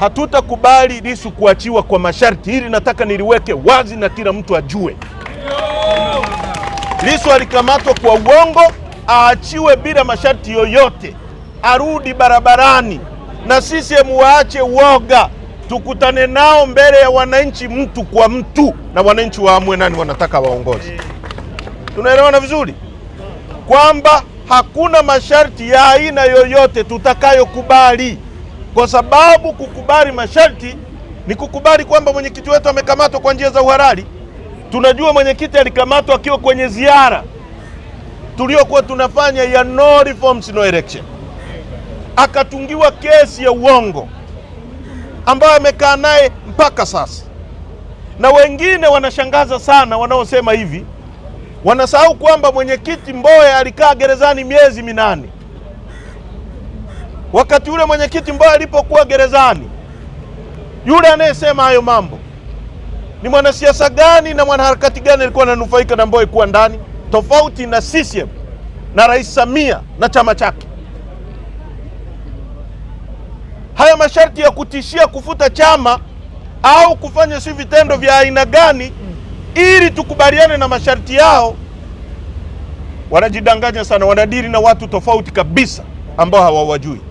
Hatutakubali Lissu kuachiwa kwa masharti. Hili nataka niliweke wazi na kila mtu ajue. Lissu alikamatwa kwa uongo, aachiwe bila masharti yoyote, arudi barabarani, na CCM waache uoga, tukutane nao mbele ya wananchi, mtu kwa mtu, na wananchi waamue nani wanataka waongozi. Tunaelewana vizuri kwamba hakuna masharti ya aina yoyote tutakayokubali kwa sababu kukubali masharti ni kukubali kwamba mwenyekiti wetu amekamatwa kwa njia za uhalali. Tunajua mwenyekiti alikamatwa akiwa kwenye ziara tuliokuwa tunafanya ya no reforms no election, akatungiwa kesi ya uongo ambayo amekaa naye mpaka sasa. Na wengine wanashangaza sana, wanaosema hivi wanasahau kwamba mwenyekiti Mboya alikaa gerezani miezi minane. Wakati yule mwenyekiti Mbowe alipokuwa gerezani, yule anayesema hayo mambo ni mwanasiasa gani na mwanaharakati gani alikuwa ananufaika na Mbowe kuwa ndani, tofauti na CCM na Rais Samia na chama chake? Haya masharti ya kutishia kufuta chama au kufanya si vitendo vya aina gani ili tukubaliane na masharti yao? Wanajidanganya sana, wanadiri na watu tofauti kabisa ambao hawawajui.